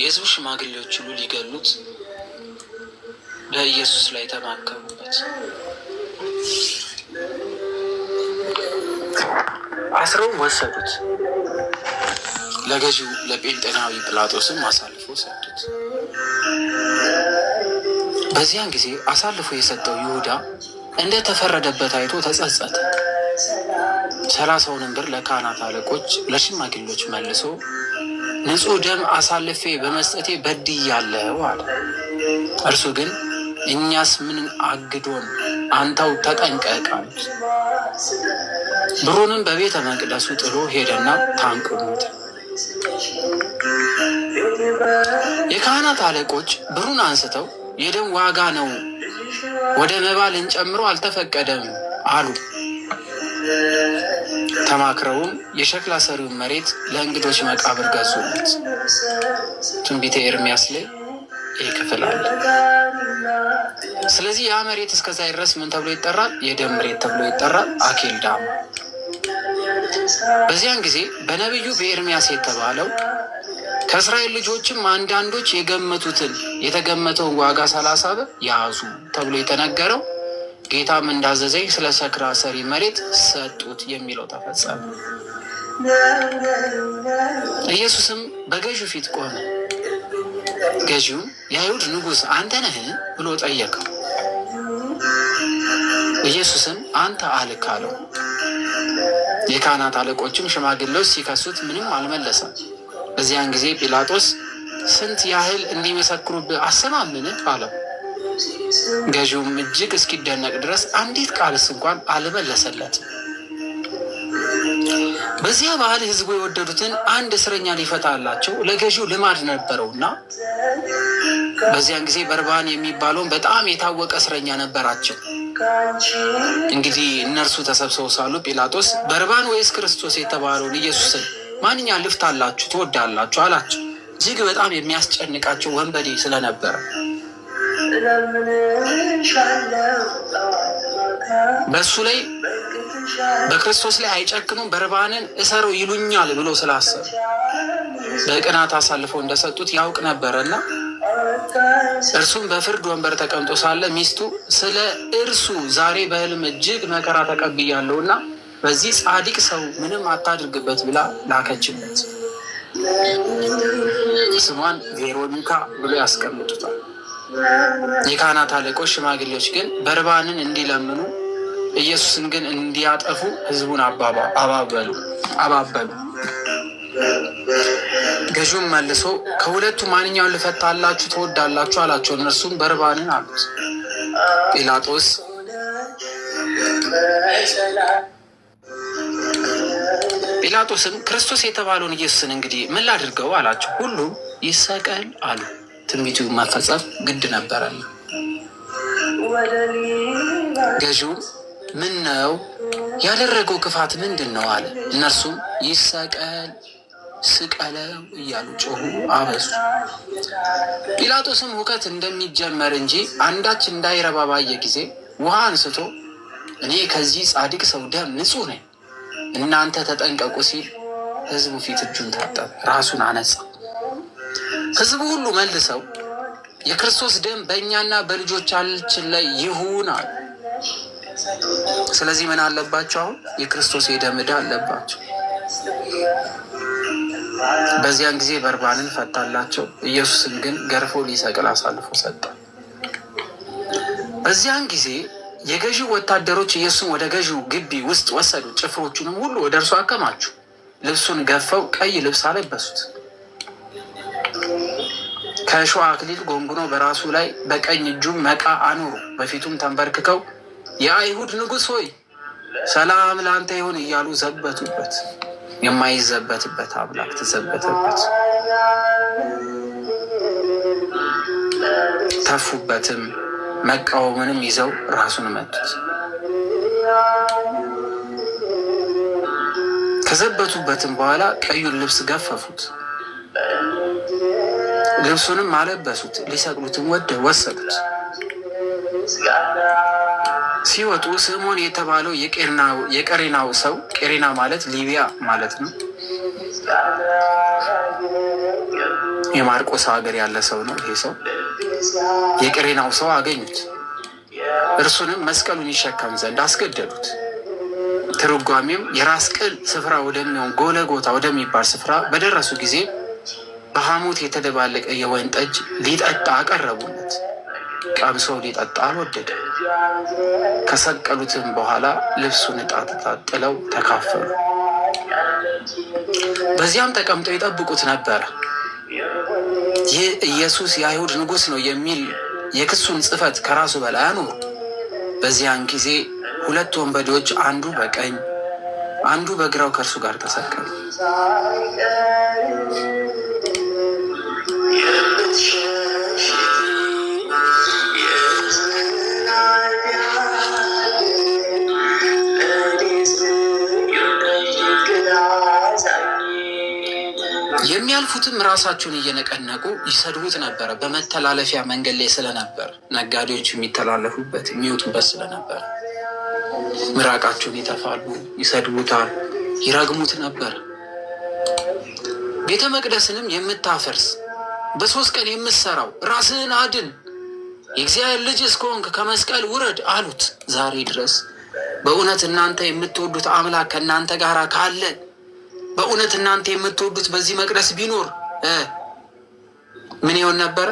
የህዝቡ ሽማግሌዎች ሁሉ ሊገሉት በኢየሱስ ላይ ተማከሙበት አስረው ወሰዱት፣ ለገዢው ለጴንጤናዊ ጲላጦስም አሳልፎ ሰጡት። በዚያን ጊዜ አሳልፎ የሰጠው ይሁዳ እንደ ተፈረደበት አይቶ ተጸጸተ። ሰላሳውንም ብር ለካህናት አለቆች ለሽማግሌዎች መልሶ ንጹህ ደም አሳልፌ በመስጠቴ በድያለሁ አለ። እርሱ ግን እኛስ ምን አግዶን አንተው ተጠንቀቅ አሉት። ብሩንም በቤተ መቅደሱ ጥሎ ሄደና ታንቆ የካህናት አለቆች ብሩን አንስተው የደም ዋጋ ነው፣ ወደ መባ ልንጨምረው አልተፈቀደም አሉ። ተማክረውም የሸክላ ሰሪውን መሬት ለእንግዶች መቃብር ገዙለት። ትንቢተ ኤርሚያስ ላይ ይህ ክፍል አለ። ስለዚህ ያ መሬት እስከዛ ድረስ ምን ተብሎ ይጠራል? የደም መሬት ተብሎ ይጠራል። አኬልዳም። በዚያን ጊዜ በነቢዩ በኤርሚያስ የተባለው ከእስራኤል ልጆችም አንዳንዶች የገመቱትን የተገመተውን ዋጋ ሰላሳ ብር ያዙ ተብሎ የተነገረው ጌታም እንዳዘዘኝ ስለ ሰክራ ሰሪ መሬት ሰጡት የሚለው ተፈጸመ። ኢየሱስም በገዢው ፊት ቆመ። ገዢውም የአይሁድ ንጉሥ አንተ ነህ ብሎ ጠየቀው። ኢየሱስም አንተ አልክ አለው። የካህናት አለቆችም ሽማግሌዎች ሲከሱት ምንም አልመለሰም። በዚያን ጊዜ ጲላጦስ ስንት ያህል እንዲመሰክሩብህ አሰማምን አለው። ገዢውም እጅግ እስኪደነቅ ድረስ አንዲት ቃልስ እንኳን አልመለሰለት በዚያ ባህል ህዝቡ የወደዱትን አንድ እስረኛ ሊፈታላቸው ለገዢው ልማድ ነበረውና በዚያን ጊዜ በርባን የሚባለውን በጣም የታወቀ እስረኛ ነበራቸው። እንግዲህ እነርሱ ተሰብስበው ሳሉ ጲላጦስ በርባን ወይስ ክርስቶስ የተባለውን ኢየሱስን ማንኛ ልፍታላችሁ ትወዳላችሁ? አላቸው። እጅግ በጣም የሚያስጨንቃቸው ወንበዴ ስለነበረ በእሱ ላይ በክርስቶስ ላይ አይጨክኑም። በርባንን እሰረው ይሉኛል ብሎ ስላሰብ በቅናት አሳልፈው እንደሰጡት ያውቅ ነበረና እርሱም በፍርድ ወንበር ተቀምጦ ሳለ ሚስቱ ስለ እርሱ ዛሬ በህልም እጅግ መከራ ተቀብያለሁና በዚህ ጻድቅ ሰው ምንም አታድርግበት ብላ ላከችበት። ስሟን ቬሮኒካ ብሎ ያስቀምጡታል። የካህናት አለቆች ሽማግሌዎች ግን በርባንን እንዲለምኑ ኢየሱስን ግን እንዲያጠፉ ህዝቡን አባበሉ አባበሉ። ገዥም መልሶ ከሁለቱ ማንኛውን ልፈታላችሁ ትወዳላችሁ አላቸው። እነርሱም በርባንን አሉት። ጲላጦስ ጲላጦስም ክርስቶስ የተባለውን ኢየሱስን እንግዲህ ምን ላድርገው አላቸው። ሁሉም ይሰቀል አሉ። ትንቢቱ መፈጸም ግድ ነበረና ገዢው ምን ነው ያደረገው ክፋት ምንድን ነው አለ። እነርሱም ይሰቀል ስቀለው እያሉ ጮሁ፣ አበሱ። ጲላጦስም ሁከት እንደሚጀመር እንጂ አንዳች እንዳይረባ ባየ ጊዜ ውሃ አንስቶ እኔ ከዚህ ጻድቅ ሰው ደም ንጹሕ ነኝ፣ እናንተ ተጠንቀቁ ሲል ሕዝቡ ፊት እጁን ታጠበ፣ ራሱን አነጻ። ህዝቡ ሁሉ መልሰው የክርስቶስ ደም በእኛና በልጆቻችን ላይ ይሁን አሉ። ስለዚህ ምን አለባቸው? አሁን የክርስቶስ የደም ዕዳ አለባቸው። በዚያን ጊዜ በርባንን ፈታላቸው፣ ኢየሱስን ግን ገርፎ ሊሰቅል አሳልፎ ሰጠ። በዚያን ጊዜ የገዢው ወታደሮች ኢየሱስን ወደ ገዢው ግቢ ውስጥ ወሰዱ። ጭፍሮቹንም ሁሉ ወደ እርሱ አከማችሁ፣ ልብሱን ገፈው ቀይ ልብስ አለበሱት። ከእሾህ አክሊል ጎንጉኖ በራሱ ላይ በቀኝ እጁም መቃ አኖሩ። በፊቱም ተንበርክከው የአይሁድ ንጉሥ ሆይ ሰላም ለአንተ ይሁን እያሉ ዘበቱበት። የማይዘበትበት አምላክ ተዘበተበት፣ ተፉበትም። መቃወምንም ይዘው ራሱን መቱት። ከዘበቱበትም በኋላ ቀዩን ልብስ ገፈፉት። ልብሱንም አለበሱት፣ ሊሰቅሉትም ወደ ወሰዱት። ሲወጡ ስምዖን የተባለው የቀሬናው ሰው ቀሬና ማለት ሊቢያ ማለት ነው። የማርቆስ ሀገር ያለ ሰው ነው። ይሄ ሰው የቀሬናው ሰው አገኙት። እርሱንም መስቀሉን ይሸከም ዘንድ አስገደዱት። ትርጓሜም የራስ ቅል ስፍራ ወደሚሆን ጎለጎታ ወደሚባል ስፍራ በደረሱ ጊዜ በሐሞት የተደባለቀ የወይን ጠጅ ሊጠጣ አቀረቡለት። ቀምሶ ሊጠጣ አልወደደ። ከሰቀሉትም በኋላ ልብሱን ዕጣ ተጣጥለው ተካፈሉ። በዚያም ተቀምጠው ይጠብቁት ነበረ። ይህ ኢየሱስ የአይሁድ ንጉሥ ነው የሚል የክሱን ጽሕፈት ከራሱ በላይ አኖሩ። በዚያን ጊዜ ሁለት ወንበዴዎች አንዱ በቀኝ አንዱ በግራው ከእርሱ ጋር ተሰቀሉ። የሚያልፉትም ራሳቸውን እየነቀነቁ ይሰድቡት ነበረ። በመተላለፊያ መንገድ ላይ ስለነበር ነጋዴዎች የሚተላለፉበት የሚወጡበት ስለነበር ምራቃቸውን ይተፋሉ፣ ይሰድቡታል፣ ይረግሙት ነበር። ቤተ መቅደስንም የምታፈርስ በሶስት ቀን የምትሰራው ራስህን አድን፣ የእግዚአብሔር ልጅ እስከሆንክ ከመስቀል ውረድ አሉት። ዛሬ ድረስ በእውነት እናንተ የምትወዱት አምላክ ከእናንተ ጋር ካለ በእውነት እናንተ የምትወዱት በዚህ መቅደስ ቢኖር ምን ይሆን ነበረ?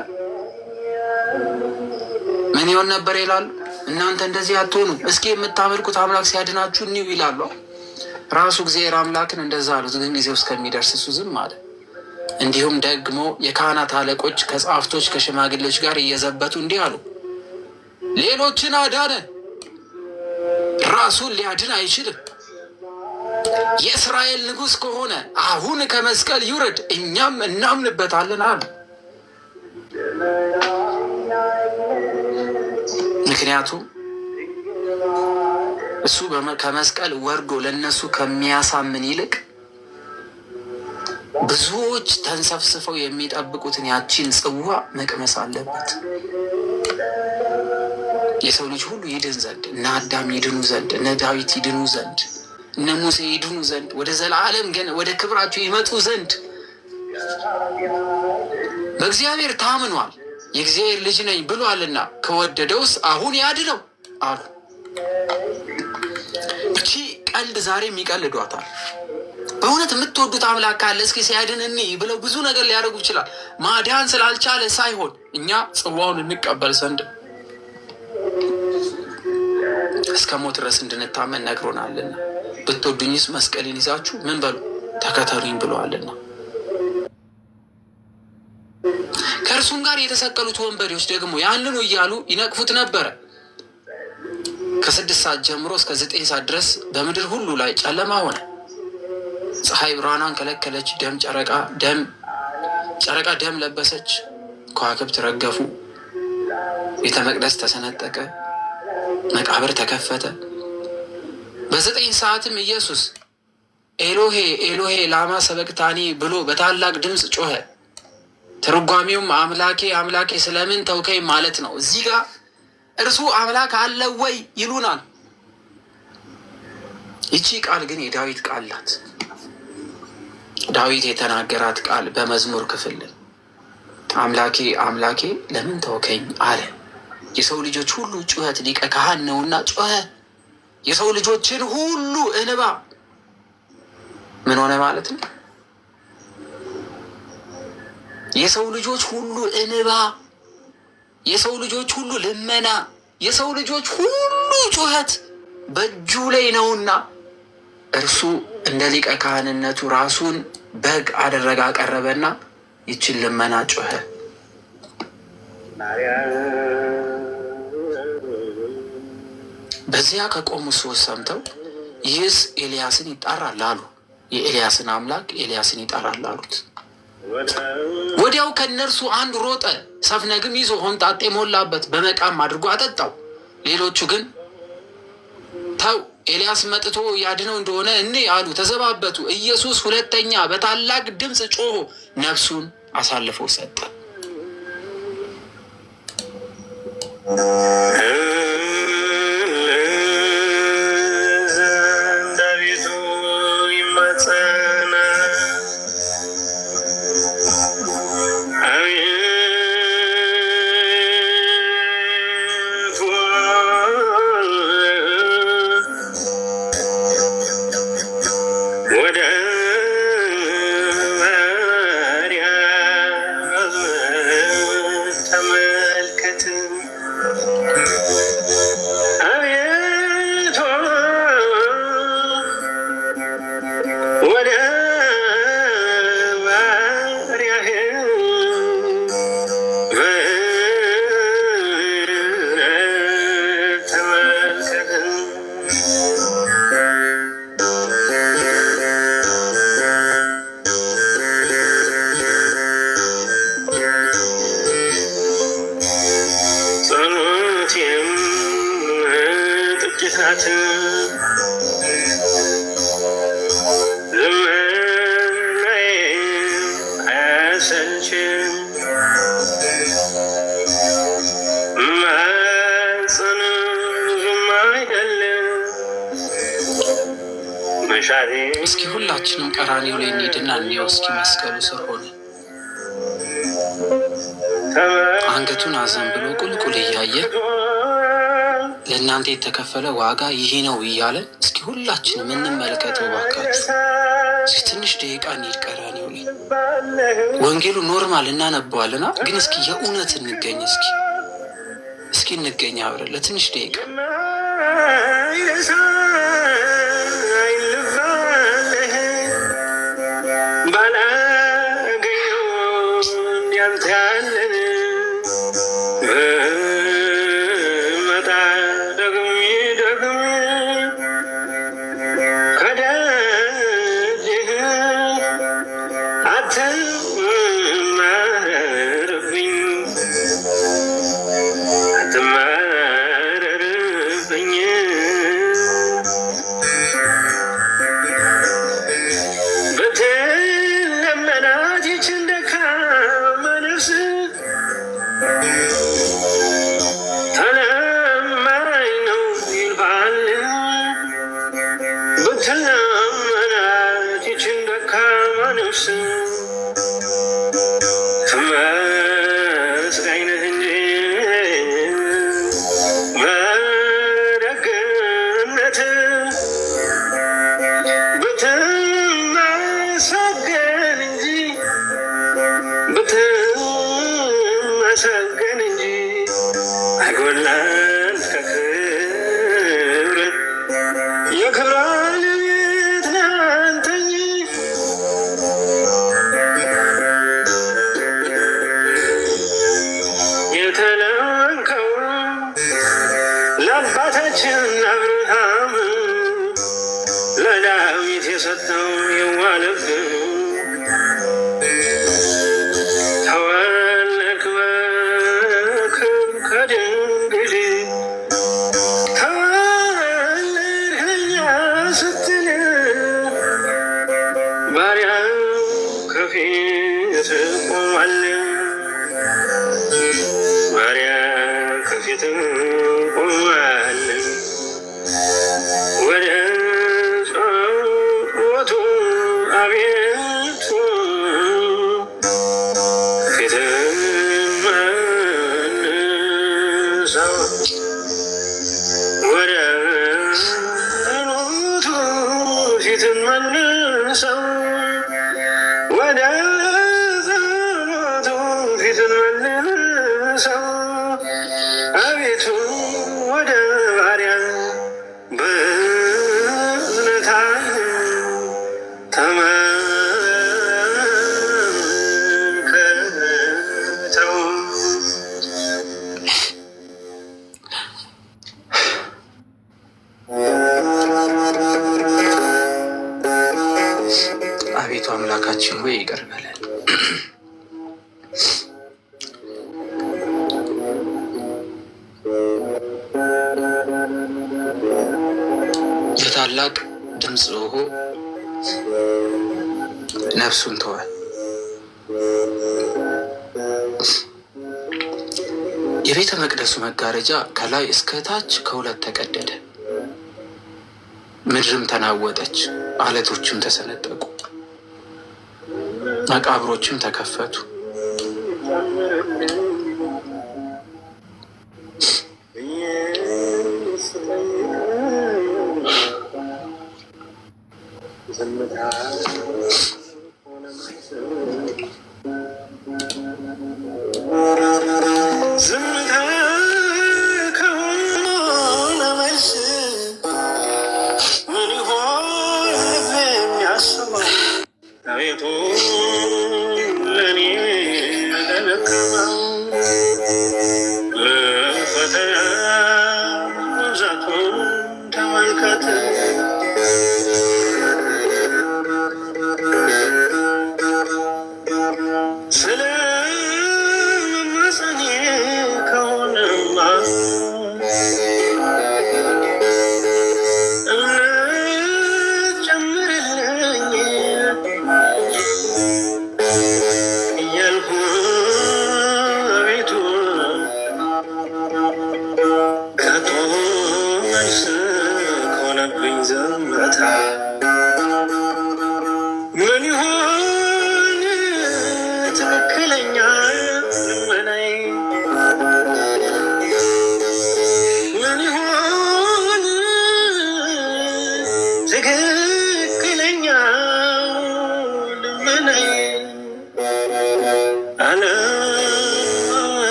ምን ይሆን ነበረ ይላሉ። እናንተ እንደዚህ አትሆኑ። እስኪ የምታመልኩት አምላክ ሲያድናችሁ እኒው ይላሉ። ራሱ እግዚአብሔር አምላክን እንደዛ አሉት። ግን ጊዜው እስከሚደርስ እሱ ዝም አለ። እንዲሁም ደግሞ የካህናት አለቆች ከጻፍቶች ከሽማግሌዎች ጋር እየዘበቱ እንዲህ አሉ፣ ሌሎችን አዳነ፣ ራሱን ሊያድን አይችልም። የእስራኤል ንጉሥ ከሆነ አሁን ከመስቀል ይውረድ፣ እኛም እናምንበታለን አሉ። ምክንያቱም እሱ ከመስቀል ወርዶ ለእነሱ ከሚያሳምን ይልቅ ብዙዎች ተንሰፍስፈው የሚጠብቁትን ያቺን ጽዋ መቅመስ አለበት። የሰው ልጅ ሁሉ ይድን ዘንድ እነ አዳም ይድኑ ዘንድ እነ ዳዊት ይድኑ ዘንድ እነ ሙሴ ይድኑ ዘንድ ወደ ዘላለም ገን ወደ ክብራቸው ይመጡ ዘንድ በእግዚአብሔር ታምኗል። የእግዚአብሔር ልጅ ነኝ ብሏልና ከወደደውስ አሁን ያድነው አሉ። እቺ ቀልድ ዛሬም ይቀልዷታል። በእውነት የምትወዱት አምላክ ካለ እስኪ ሲያድን እኔ ብለው ብዙ ነገር ሊያደርጉ ይችላል። ማዳን ስላልቻለ ሳይሆን እኛ ጽዋውን እንቀበል ዘንድ እስከ ሞት ድረስ እንድንታመን ነግሮናልና ብትወዱኝስ መስቀልን ይዛችሁ ምን በሉ ተከተሉኝ ብለዋልና ከእርሱም ጋር የተሰቀሉት ወንበዴዎች ደግሞ ያንኑ እያሉ ይነቅፉት ነበረ። ከስድስት ሰዓት ጀምሮ እስከ ዘጠኝ ሰዓት ድረስ በምድር ሁሉ ላይ ጨለማ ሆነ። ፀሐይ ብርሃኗን ከለከለች። ደም ጨረቃ ደም ጨረቃ ደም ለበሰች። ከዋክብት ረገፉ። ቤተ መቅደስ ተሰነጠቀ። መቃብር ተከፈተ። በዘጠኝ ሰዓትም ኢየሱስ ኤሎሄ ኤሎሄ ላማ ሰበቅታኒ ብሎ በታላቅ ድምፅ ጮኸ። ትርጓሚውም አምላኬ አምላኬ ስለምን ተውከኝ ማለት ነው። እዚህ ጋር እርሱ አምላክ አለ ወይ ይሉናል። ይቺ ቃል ግን የዳዊት ቃል ናት። ዳዊት የተናገራት ቃል በመዝሙር ክፍል አምላኬ አምላኬ ለምን ተወከኝ አለ። የሰው ልጆች ሁሉ ጩኸት ሊቀ ካህን ነውና ጮኸ። የሰው ልጆችን ሁሉ እንባ ምን ሆነ ማለት ነው? የሰው ልጆች ሁሉ እንባ፣ የሰው ልጆች ሁሉ ልመና፣ የሰው ልጆች ሁሉ ጩኸት በእጁ ላይ ነውና እርሱ እንደ ሊቀ ካህንነቱ ራሱን በግ አደረገ አቀረበና ይችን ልመና ጮኸ። በዚያ ከቆሙ ሰዎች ሰምተው ይህስ ኤልያስን ይጣራል አሉ። የኤልያስን አምላክ ኤልያስን ይጣራል አሉት። ወዲያው ከእነርሱ አንዱ ሮጠ፣ ሰፍነግም ይዞ ሆምጣጤ ሞላበት፣ በመቃም አድርጎ አጠጣው። ሌሎቹ ግን ተው ኤልያስ መጥቶ ያድነው እንደሆነ እኔ አሉ፣ ተዘባበቱ። ኢየሱስ ሁለተኛ በታላቅ ድምፅ ጮሆ ነፍሱን አሳልፎ ሰጠ። እንዳቤቱ ይማጸን ሥርዓት እስኪ ሁላችንም ቀራንዮ ላይ እንሂድና እንየው እስኪ መስቀሉ ስር ሆነ አንገቱን አዘን ብሎ ቁልቁል እያየ ለእናንተ የተከፈለ ዋጋ ይሄ ነው እያለ እስኪ ሁላችን የምንመለከት ባካችሁ። እስኪ ትንሽ ደቂቃ እንሂድ። ቀራንዮ ወንጌሉ ኖርማል እናነበዋልና ግን እስኪ የእውነት እንገኝ። እስኪ እስኪ እንገኝ አብረን ለትንሽ ደቂቃ ocean. ቤቱ ወደ ባህር መጋረጃ ከላይ እስከ ታች ከሁለት ተቀደደ። ምድርም ተናወጠች፣ አለቶችም ተሰነጠቁ፣ መቃብሮችም ተከፈቱ።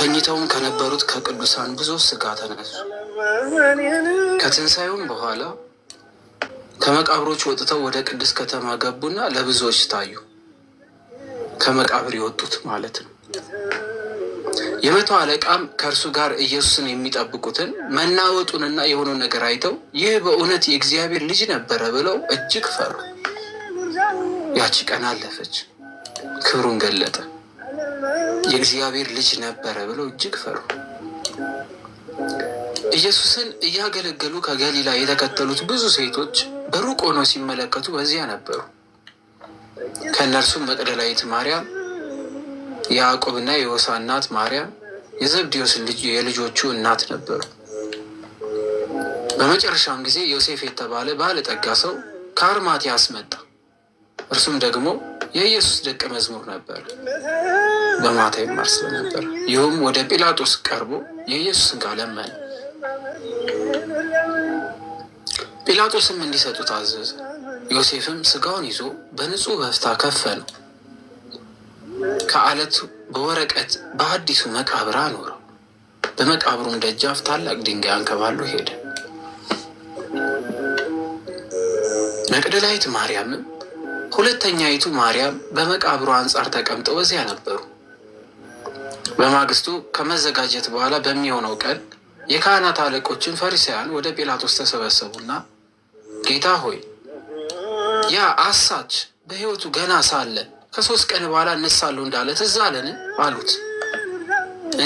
ተኝተውም ከነበሩት ከቅዱሳን ብዙ ስጋ ተነሱ። ከትንሣኤውም በኋላ ከመቃብሮች ወጥተው ወደ ቅድስት ከተማ ገቡና ለብዙዎች ታዩ። ከመቃብር የወጡት ማለት ነው። የመቶ አለቃም ከእርሱ ጋር ኢየሱስን የሚጠብቁትን መናወጡንና የሆነው ነገር አይተው ይህ በእውነት የእግዚአብሔር ልጅ ነበረ ብለው እጅግ ፈሩ። ያቺ ቀን አለፈች፣ ክብሩን ገለጠ። የእግዚአብሔር ልጅ ነበረ ብለው እጅግ ፈሩ። ኢየሱስን እያገለገሉ ከገሊላ የተከተሉት ብዙ ሴቶች በሩቅ ሆነው ሲመለከቱ በዚያ ነበሩ። ከእነርሱም መቅደላዊት ማርያም፣ የያዕቆብና የዮሳ እናት ማርያም፣ የዘብዴዎስ የልጆቹ እናት ነበሩ። በመጨረሻም ጊዜ ዮሴፍ የተባለ ባለጠጋ ሰው ከአርማትያስ መጣ። እርሱም ደግሞ የኢየሱስ ደቀ መዝሙር ነበር። በማታ ይማር ስለነበር ይሁም ወደ ጲላጦስ ቀርቦ የኢየሱስን ሥጋ ለመነ። ጲላጦስም እንዲሰጡት ታዘዘ። ዮሴፍም ስጋውን ይዞ በንጹህ በፍታ ከፈነው፣ ከአለት በወረቀት በአዲሱ መቃብር አኖረው። በመቃብሩም ደጃፍ ታላቅ ድንጋይ አንከባሉ ሄደ። መቅደላዊት ማርያምም ሁለተኛይቱ ማርያም በመቃብሩ አንጻር ተቀምጠው እዚያ ነበሩ። በማግስቱ ከመዘጋጀት በኋላ በሚሆነው ቀን የካህናት አለቆችን ፈሪሳውያን ወደ ጲላጦስ ተሰበሰቡና ጌታ ሆይ ያ አሳች በሕይወቱ ገና ሳለ ከሶስት ቀን በኋላ እነሳለሁ እንዳለ ትዝ አለን አሉት።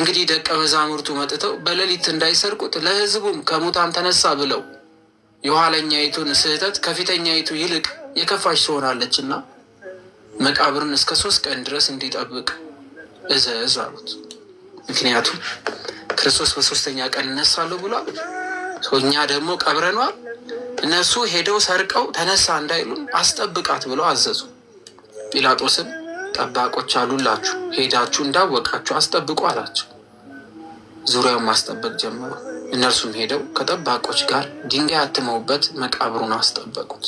እንግዲህ ደቀ መዛሙርቱ መጥተው በሌሊት እንዳይሰርቁት ለሕዝቡም ከሙታን ተነሳ ብለው የኋለኛይቱን ስህተት ከፊተኛይቱ ይልቅ የከፋች ትሆናለች እና መቃብርን እስከ ሶስት ቀን ድረስ እንዲጠብቅ እዘዝ አሉት። ምክንያቱም ክርስቶስ በሶስተኛ ቀን እነሳለሁ ብሏል። እኛ ደግሞ ቀብረኗል። እነሱ ሄደው ሰርቀው ተነሳ እንዳይሉን አስጠብቃት ብለው አዘዙ። ጲላጦስም ጠባቆች አሉላችሁ፣ ሄዳችሁ እንዳወቃችሁ አስጠብቁ አላቸው። ዙሪያውን ማስጠበቅ ጀመሩ። እነርሱም ሄደው ከጠባቆች ጋር ድንጋይ አትመውበት መቃብሩን አስጠበቁት።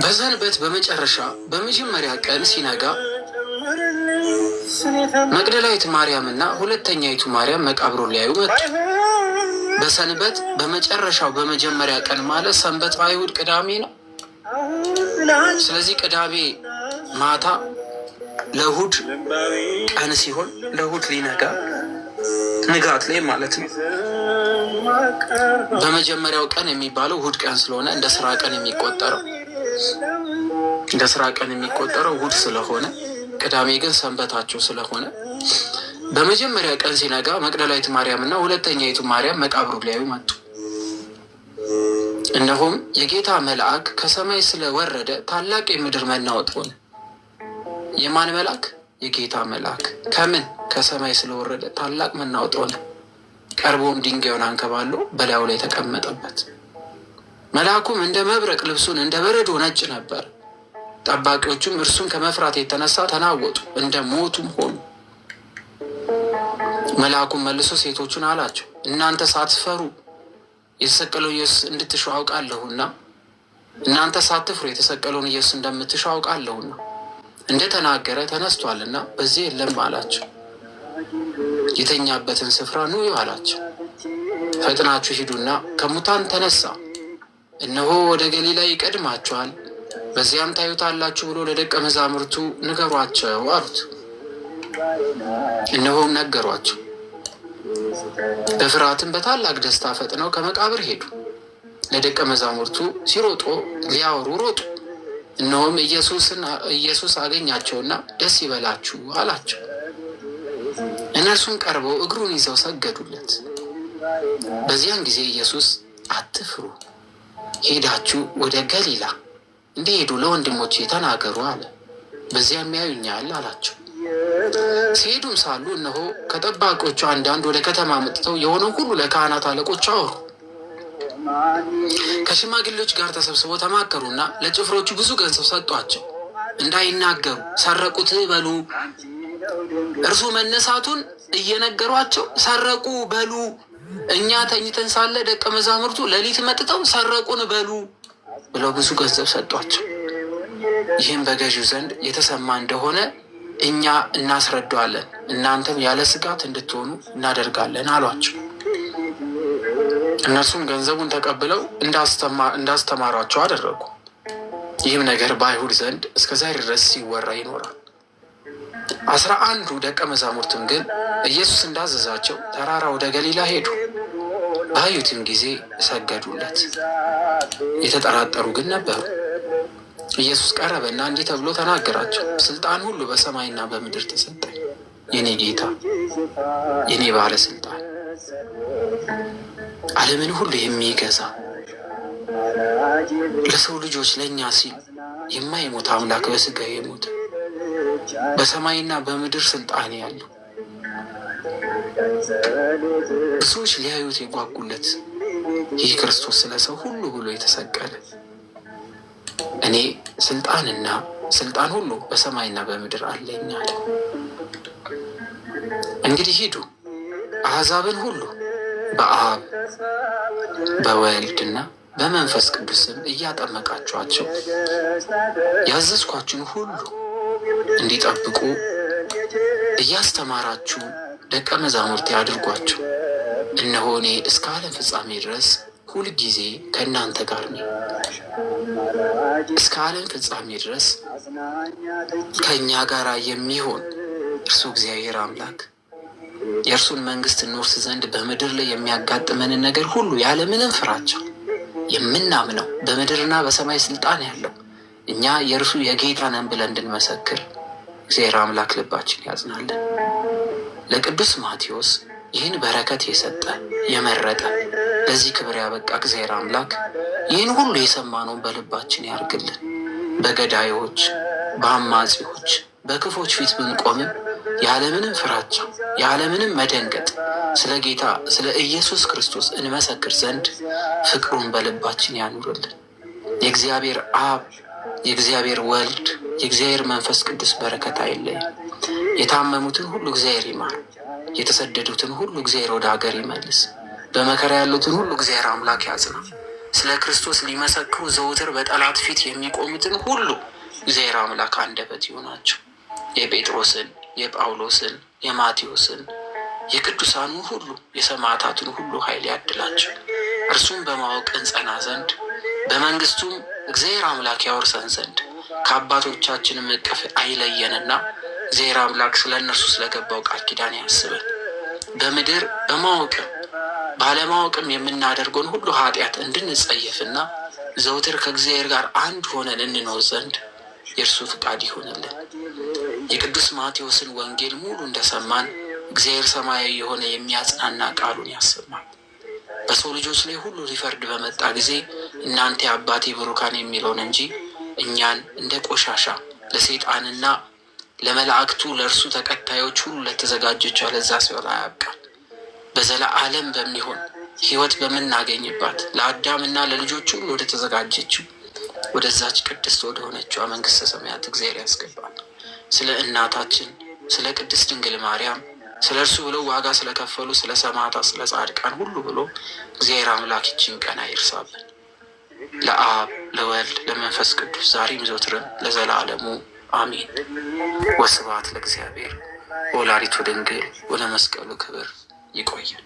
በሰንበት በመጨረሻ በመጀመሪያ ቀን ሲነጋ መቅደላዊት ማርያምና ሁለተኛይቱ ማርያም መቃብሩን ሊያዩ መጡ። በሰንበት በመጨረሻው በመጀመሪያ ቀን ማለት ሰንበት በአይሁድ ቅዳሜ ነው። ስለዚህ ቅዳሜ ማታ ለሁድ ቀን ሲሆን ለሁድ ሊነጋ ንጋት ላይ ማለት ነው። በመጀመሪያው ቀን የሚባለው ሁድ ቀን ስለሆነ እንደ ስራ ቀን የሚቆጠረው እንደ ስራ ቀን የሚቆጠረው እሑድ ስለሆነ፣ ቅዳሜ ግን ሰንበታቸው ስለሆነ በመጀመሪያ ቀን ሲነጋ መቅደላዊት ማርያም እና ሁለተኛይቱ ማርያም መቃብሩ ላይ መጡ። እነሆም የጌታ መልአክ ከሰማይ ስለወረደ ታላቅ የምድር መናወጥ ሆነ። የማን መልአክ? የጌታ መልአክ። ከምን? ከሰማይ ስለወረደ ታላቅ መናወጥ ሆነ። ቀርቦም ድንጋዩን አንከባሎ በላዩ ላይ ተቀመጠበት። መልአኩም እንደ መብረቅ ልብሱን እንደ በረዶ ነጭ ነበር። ጠባቂዎቹም እርሱን ከመፍራት የተነሳ ተናወጡ፣ እንደ ሞቱም ሆኑ። መልአኩም መልሶ ሴቶቹን አላቸው፣ እናንተ ሳትፈሩ የተሰቀለው ኢየሱስ እንድትሹ አውቃለሁና እናንተ ሳትፍሩ የተሰቀለውን ኢየሱስ እንደምትሹ አውቃለሁና እንደ ተናገረ ተነስቷልና በዚህ የለም አላቸው። የተኛበትን ስፍራ ኑ አላቸው። ፈጥናችሁ ሂዱና ከሙታን ተነሳ፣ እነሆ ወደ ገሊላ ይቀድማችኋል፣ በዚያም ታዩታላችሁ ብሎ ለደቀ መዛሙርቱ ንገሯቸው አሉት። እነሆም ነገሯቸው። በፍርሃትም በታላቅ ደስታ ፈጥነው ከመቃብር ሄዱ። ለደቀ መዛሙርቱ ሲሮጡ ሊያወሩ ሮጡ። እነሆም ኢየሱስ አገኛቸውና ደስ ይበላችሁ አላቸው። እነርሱም ቀርበው እግሩን ይዘው ሰገዱለት። በዚያን ጊዜ ኢየሱስ አትፍሩ፣ ሄዳችሁ ወደ ገሊላ እንዲሄዱ ለወንድሞቼ ተናገሩ አለ። በዚያም ያዩኛል አላቸው። ሲሄዱም ሳሉ እነሆ ከጠባቂዎቹ አንዳንድ ወደ ከተማ መጥተው የሆነው ሁሉ ለካህናት አለቆች አወሩ። ከሽማግሌዎች ጋር ተሰብስበው ተማከሩና ለጭፍሮቹ ብዙ ገንዘብ ሰጧቸው፣ እንዳይናገሩ ሰረቁት በሉ። እርሱ መነሳቱን እየነገሯቸው ሰረቁ በሉ፣ እኛ ተኝተን ሳለ ደቀ መዛሙርቱ ሌሊት መጥተው ሰረቁን በሉ ብለው ብዙ ገንዘብ ሰጧቸው። ይህም በገዢው ዘንድ የተሰማ እንደሆነ እኛ እናስረዳዋለን፣ እናንተም ያለ ስጋት እንድትሆኑ እናደርጋለን አሏቸው። እነርሱም ገንዘቡን ተቀብለው እንዳስተማሯቸው አደረጉ። ይህም ነገር በአይሁድ ዘንድ እስከ ዛሬ ድረስ ሲወራ ይኖራል። አስራ አንዱ ደቀ መዛሙርትም ግን ኢየሱስ እንዳዘዛቸው ተራራ ወደ ገሊላ ሄዱ። ባዩትም ጊዜ ሰገዱለት። የተጠራጠሩ ግን ነበሩ። ኢየሱስ ቀረበና እንዲህ ተብሎ ተናገራቸው፣ ስልጣን ሁሉ በሰማይና በምድር ተሰጠ። የኔ ጌታ የኔ ባለስልጣን ዓለምን ሁሉ የሚገዛ ለሰው ልጆች ለእኛ ሲል የማይሞት አምላክ በስጋ የሞተ በሰማይና በምድር ስልጣን ያለው ብዙዎች ሊያዩት የጓጉለት ይህ ክርስቶስ ስለ ሰው ሁሉ ብሎ የተሰቀለ እኔ ስልጣንና ስልጣን ሁሉ በሰማይና በምድር አለኝ አለ። እንግዲህ ሂዱ አሕዛብን ሁሉ በአብ በወልድና በመንፈስ ቅዱስም እያጠመቃችኋቸው ያዘዝኳችሁን ሁሉ እንዲጠብቁ እያስተማራችሁ ደቀ መዛሙርቴ አድርጓቸው። እነሆ እኔ እስከ ዓለም ፍጻሜ ድረስ ሁልጊዜ ከእናንተ ጋር ነኝ። እስከ ዓለም ፍጻሜ ድረስ ከእኛ ጋር የሚሆን እርሱ እግዚአብሔር አምላክ የእርሱን መንግስት እንወርስ ዘንድ በምድር ላይ የሚያጋጥመንን ነገር ሁሉ ምንም ፍራቻ የምናምነው በምድርና በሰማይ ስልጣን ያለው እኛ የእርሱ የጌታ ነን ብለን እንድንመሰክር እግዚአብሔር አምላክ ልባችን ያጽናለን። ለቅዱስ ማቴዎስ ይህን በረከት የሰጠ የመረጠ ለዚህ ክብር ያበቃ እግዚአብሔር አምላክ ይህን ሁሉ የሰማነውን በልባችን ያርግልን። በገዳዮች፣ በአማጺዎች፣ በክፎች ፊት ብንቆምም ያለምንም ፍራቻ ያለምንም መደንገጥ ስለ ጌታ ስለ ኢየሱስ ክርስቶስ እንመሰክር ዘንድ ፍቅሩን በልባችን ያኑርልን። የእግዚአብሔር አብ የእግዚአብሔር ወልድ የእግዚአብሔር መንፈስ ቅዱስ በረከት አይለይ የታመሙትን ሁሉ እግዚአብሔር ይማር። የተሰደዱትን ሁሉ እግዚአብሔር ወደ ሀገር ይመልስ። በመከራ ያሉትን ሁሉ እግዚአብሔር አምላክ ያጽና። ስለ ክርስቶስ ሊመሰክሩ ዘውትር በጠላት ፊት የሚቆሙትን ሁሉ እግዚአብሔር አምላክ አንደበት ይሆናቸው። የጴጥሮስን፣ የጳውሎስን፣ የማቴዎስን፣ የቅዱሳኑን ሁሉ የሰማዕታቱን ሁሉ ኃይል ያድላቸው። እርሱም በማወቅ እንጸና ዘንድ በመንግስቱም እግዚአብሔር አምላክ ያወርሰን ዘንድ ከአባቶቻችንም እቅፍ አይለየንና እግዚአብሔር አምላክ ስለ እነርሱ ስለገባው ቃል ኪዳን ያስበን በምድር በማወቅም ባለማወቅም የምናደርገውን ሁሉ ኃጢአት እንድንጸየፍና ዘውትር ከእግዚአብሔር ጋር አንድ ሆነን እንኖር ዘንድ የእርሱ ፍቃድ ይሆንልን። የቅዱስ ማቴዎስን ወንጌል ሙሉ እንደሰማን እግዚአብሔር ሰማያዊ የሆነ የሚያጽናና ቃሉን ያሰማል። በሰው ልጆች ላይ ሁሉ ሊፈርድ በመጣ ጊዜ እናንተ አባቴ ብሩካን የሚለውን እንጂ እኛን እንደ ቆሻሻ ለሰይጣንና ለመላእክቱ ለእርሱ ተከታዮች ሁሉ ለተዘጋጀች ለዛ ሲሆን አያብቃል። በዘላለም በሚሆን ህይወት በምናገኝባት ለአዳምና ለልጆቹ ሁሉ ወደ ተዘጋጀችው ወደዛች ቅድስት ወደ ሆነችዋ መንግስተ ሰማያት እግዚአብሔር ያስገባል። ስለ እናታችን ስለ ቅድስት ድንግል ማርያም ስለ እርሱ ብለው ዋጋ ስለከፈሉ ስለ ሰማዕታት፣ ስለ ጻድቃን ሁሉ ብሎ እግዚአብሔር አምላክ ይችን ቀን አይርሳብን። ለአብ ለወልድ ለመንፈስ ቅዱስ ዛሬም ዘወትርም ለዘላለሙ አሚን። ወስብሐት ለእግዚአብሔር ወላዲቱ ድንግል ወለመስቀሉ ክብር ይቆየን።